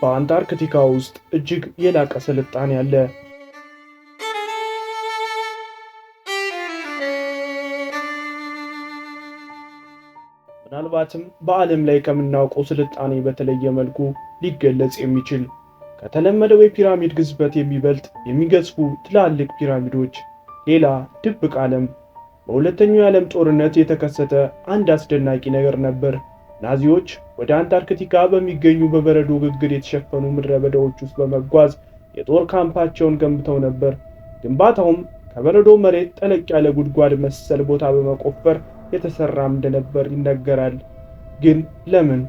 በአንታርክቲካ ውስጥ እጅግ የላቀ ስልጣኔ አለ። ምናልባትም በዓለም ላይ ከምናውቀው ስልጣኔ በተለየ መልኩ ሊገለጽ የሚችል ከተለመደው የፒራሚድ ግዝበት የሚበልጥ የሚገዝፉ ትላልቅ ፒራሚዶች፣ ሌላ ድብቅ ዓለም። በሁለተኛው የዓለም ጦርነት የተከሰተ አንድ አስደናቂ ነገር ነበር። ናዚዎች ወደ አንታርክቲካ በሚገኙ በበረዶ ግግር የተሸፈኑ ምድረ በዳዎች ውስጥ በመጓዝ የጦር ካምፓቸውን ገንብተው ነበር። ግንባታውም ከበረዶ መሬት ጠለቅ ያለ ጉድጓድ መሰል ቦታ በመቆፈር የተሰራም እንደነበር ይነገራል። ግን ለምን?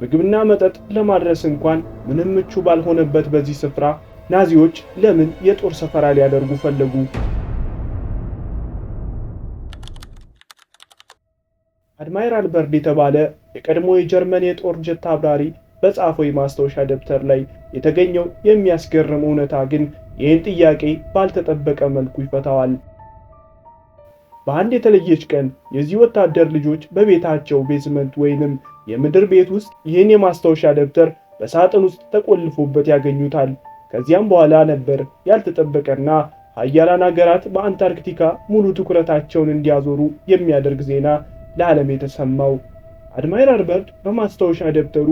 ምግብና መጠጥ ለማድረስ እንኳን ምንም ምቹ ባልሆነበት በዚህ ስፍራ ናዚዎች ለምን የጦር ሰፈራ ሊያደርጉ ፈለጉ? አድማይራል በርድ የተባለ የቀድሞ የጀርመን የጦር ጀት አብራሪ በጻፈው የማስታወሻ ደብተር ላይ የተገኘው የሚያስገርም እውነታ ግን ይህን ጥያቄ ባልተጠበቀ መልኩ ይፈታዋል። በአንድ የተለየች ቀን የዚህ ወታደር ልጆች በቤታቸው ቤዝመንት ወይንም የምድር ቤት ውስጥ ይህን የማስታወሻ ደብተር በሳጥን ውስጥ ተቆልፎበት ያገኙታል። ከዚያም በኋላ ነበር ያልተጠበቀና ሀያላን አገራት በአንታርክቲካ ሙሉ ትኩረታቸውን እንዲያዞሩ የሚያደርግ ዜና ለዓለም የተሰማው። አድማይራል በርድ በማስታወሻ ደብተሩ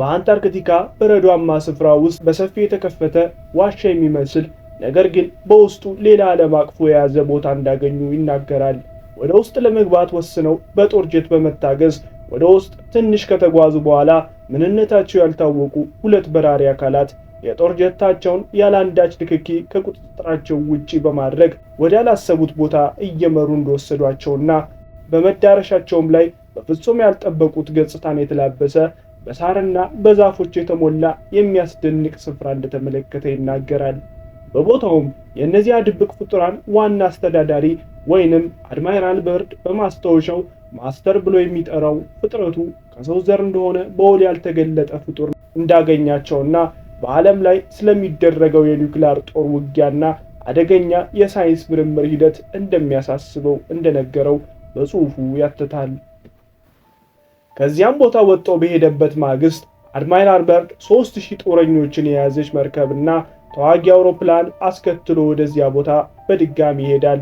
በአንታርክቲካ በረዷማ ስፍራ ውስጥ በሰፊ የተከፈተ ዋሻ የሚመስል ነገር ግን በውስጡ ሌላ ዓለም አቅፎ የያዘ ቦታ እንዳገኙ ይናገራል። ወደ ውስጥ ለመግባት ወስነው በጦር ጀት በመታገዝ ወደ ውስጥ ትንሽ ከተጓዙ በኋላ ምንነታቸው ያልታወቁ ሁለት በራሪ አካላት የጦር ጀታቸውን ያለአንዳች አንዳች ንክኪ ከቁጥጥራቸው ውጪ በማድረግ ወዳላሰቡት ቦታ እየመሩ እንደወሰዷቸውና በመዳረሻቸውም ላይ በፍጹም ያልጠበቁት ገጽታን የተላበሰ በሳርና በዛፎች የተሞላ የሚያስደንቅ ስፍራ እንደተመለከተ ይናገራል። በቦታውም የእነዚያ ድብቅ ፍጡራን ዋና አስተዳዳሪ ወይንም አድማይራል በርድ በማስታወሻው ማስተር ብሎ የሚጠራው ፍጥረቱ ከሰው ዘር እንደሆነ በውል ያልተገለጠ ፍጡር እንዳገኛቸውና በዓለም ላይ ስለሚደረገው የኒውክሌር ጦር ውጊያና አደገኛ የሳይንስ ምርምር ሂደት እንደሚያሳስበው እንደነገረው በጽሑፉ ያትታል። ከዚያም ቦታ ወጥቶ በሄደበት ማግስት አድማይል በርድ 3000 ጦረኞችን የያዘች መርከብና ተዋጊ አውሮፕላን አስከትሎ ወደዚያ ቦታ በድጋሚ ይሄዳል።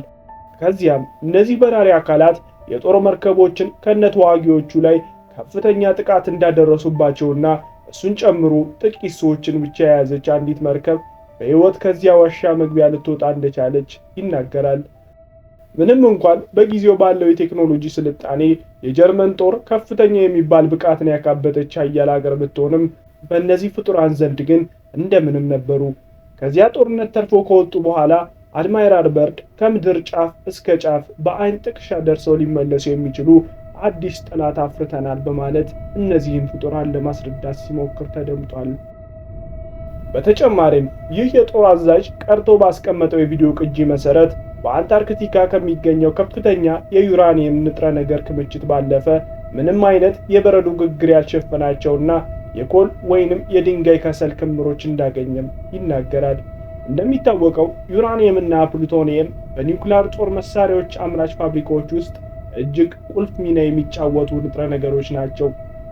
ከዚያም እነዚህ በራሪ አካላት የጦር መርከቦችን ከነ ተዋጊዎቹ ላይ ከፍተኛ ጥቃት እንዳደረሱባቸውና እሱን ጨምሮ ጥቂት ሰዎችን ብቻ የያዘች አንዲት መርከብ በሕይወት ከዚያ ዋሻ መግቢያ ልትወጣ እንደቻለች ይናገራል። ምንም እንኳን በጊዜው ባለው የቴክኖሎጂ ስልጣኔ የጀርመን ጦር ከፍተኛ የሚባል ብቃትን ያካበተች ኃያል ሀገር ብትሆንም በእነዚህ ፍጡራን ዘንድ ግን እንደምንም ነበሩ። ከዚያ ጦርነት ተርፎ ከወጡ በኋላ አድማይራል በርድ ከምድር ጫፍ እስከ ጫፍ በአይን ጥቅሻ ደርሰው ሊመለሱ የሚችሉ አዲስ ጠላት አፍርተናል በማለት እነዚህን ፍጡራን ለማስረዳት ሲሞክር ተደምጧል። በተጨማሪም ይህ የጦር አዛዥ ቀርቶ ባስቀመጠው የቪዲዮ ቅጂ መሰረት በአንታርክቲካ ከሚገኘው ከፍተኛ የዩራኒየም ንጥረ ነገር ክምችት ባለፈ ምንም አይነት የበረዶ ግግር ያልሸፈናቸውና የኮል ወይንም የድንጋይ ከሰል ክምሮች እንዳገኘም ይናገራል። እንደሚታወቀው ዩራኒየምና ፕሉቶኒየም በኒውክሊር ጦር መሳሪያዎች አምራች ፋብሪካዎች ውስጥ እጅግ ቁልፍ ሚና የሚጫወቱ ንጥረ ነገሮች ናቸው።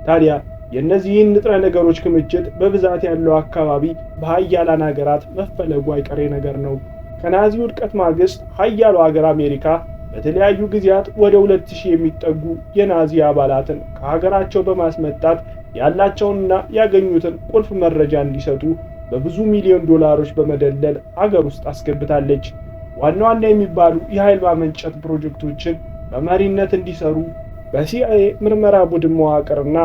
ታዲያ የእነዚህን ንጥረ ነገሮች ክምችት በብዛት ያለው አካባቢ በሀያላን ሀገራት መፈለጉ አይቀሬ ነገር ነው። ከናዚ ውድቀት ማግስት ሀያሉ ሀገር አሜሪካ በተለያዩ ጊዜያት ወደ 2000 የሚጠጉ የናዚ አባላትን ከሀገራቸው በማስመጣት ያላቸውንና ያገኙትን ቁልፍ መረጃ እንዲሰጡ በብዙ ሚሊዮን ዶላሮች በመደለል አገር ውስጥ አስገብታለች። ዋና ዋና የሚባሉ የኃይል ማመንጨት ፕሮጀክቶችን በመሪነት እንዲሰሩ በሲአይኤ ምርመራ ቡድን መዋቅርና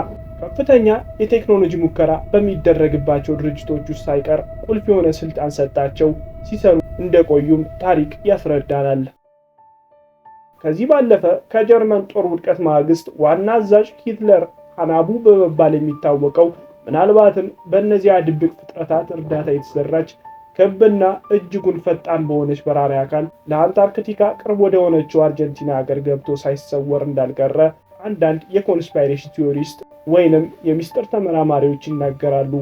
ከፍተኛ የቴክኖሎጂ ሙከራ በሚደረግባቸው ድርጅቶች ውስጥ ሳይቀር ቁልፍ የሆነ ስልጣን ሰጣቸው ሲሰሩ እንደቆዩም ታሪክ ያስረዳናል። ከዚህ ባለፈ ከጀርመን ጦር ውድቀት ማግስት ዋና አዛዥ ሂትለር ሃናቡ በመባል የሚታወቀው ምናልባትም በእነዚያ ድብቅ ፍጥረታት እርዳታ የተሰራች ክብና እጅጉን ፈጣን በሆነች በራሪ አካል ለአንታርክቲካ ቅርብ ወደ ሆነችው አርጀንቲና ሀገር ገብቶ ሳይሰወር እንዳልቀረ አንዳንድ የኮንስፓይሬሽን ቲዮሪስት ወይንም የሚስጥር ተመራማሪዎች ይናገራሉ።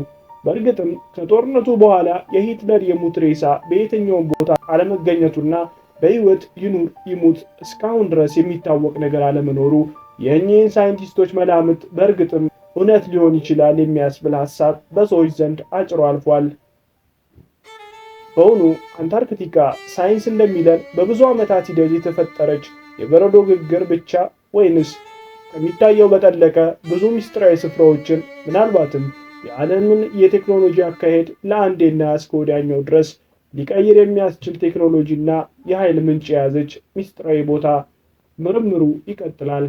በእርግጥም ከጦርነቱ በኋላ የሂትለር የሙት ሬሳ በየትኛውም ቦታ አለመገኘቱና በሕይወት ይኑር ይሙት እስካሁን ድረስ የሚታወቅ ነገር አለመኖሩ የእኚህን ሳይንቲስቶች መላምት በእርግጥም እውነት ሊሆን ይችላል የሚያስብል ሐሳብ በሰዎች ዘንድ አጭሮ አልፏል። በውኑ አንታርክቲካ ሳይንስ እንደሚለን በብዙ ዓመታት ሂደት የተፈጠረች የበረዶ ግግር ብቻ ወይንስ ከሚታየው በጠለቀ ብዙ ምስጢራዊ ስፍራዎችን ምናልባትም የዓለምን የቴክኖሎጂ አካሄድ ለአንዴና እስከ ወዲያኛው ድረስ ሊቀይር የሚያስችል ቴክኖሎጂና የኃይል ምንጭ የያዘች ሚስጥራዊ ቦታ ምርምሩ ይቀጥላል።